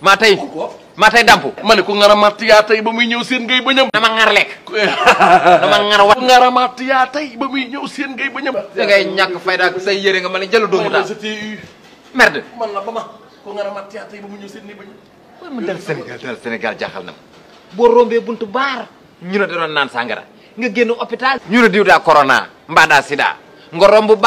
ma tey ma tey damp ku ngara matt yaa tey ba muy seen ngey bañam dama ngar lek dama ngar wat ngara matt yaa tey ba muy seen ngey bañam da ngay ñak fayda ak say yére nga mané jël doomu da merde man la bama ko ku ngara matt yaa tey ba muy seen ngey bañam way mu dal sénégal dal sénégal jaxal na bo rombé buntu bar ñu na da doon naan sangara nga génn hôpital ñu na diw da corona mbaa daa sida nga romb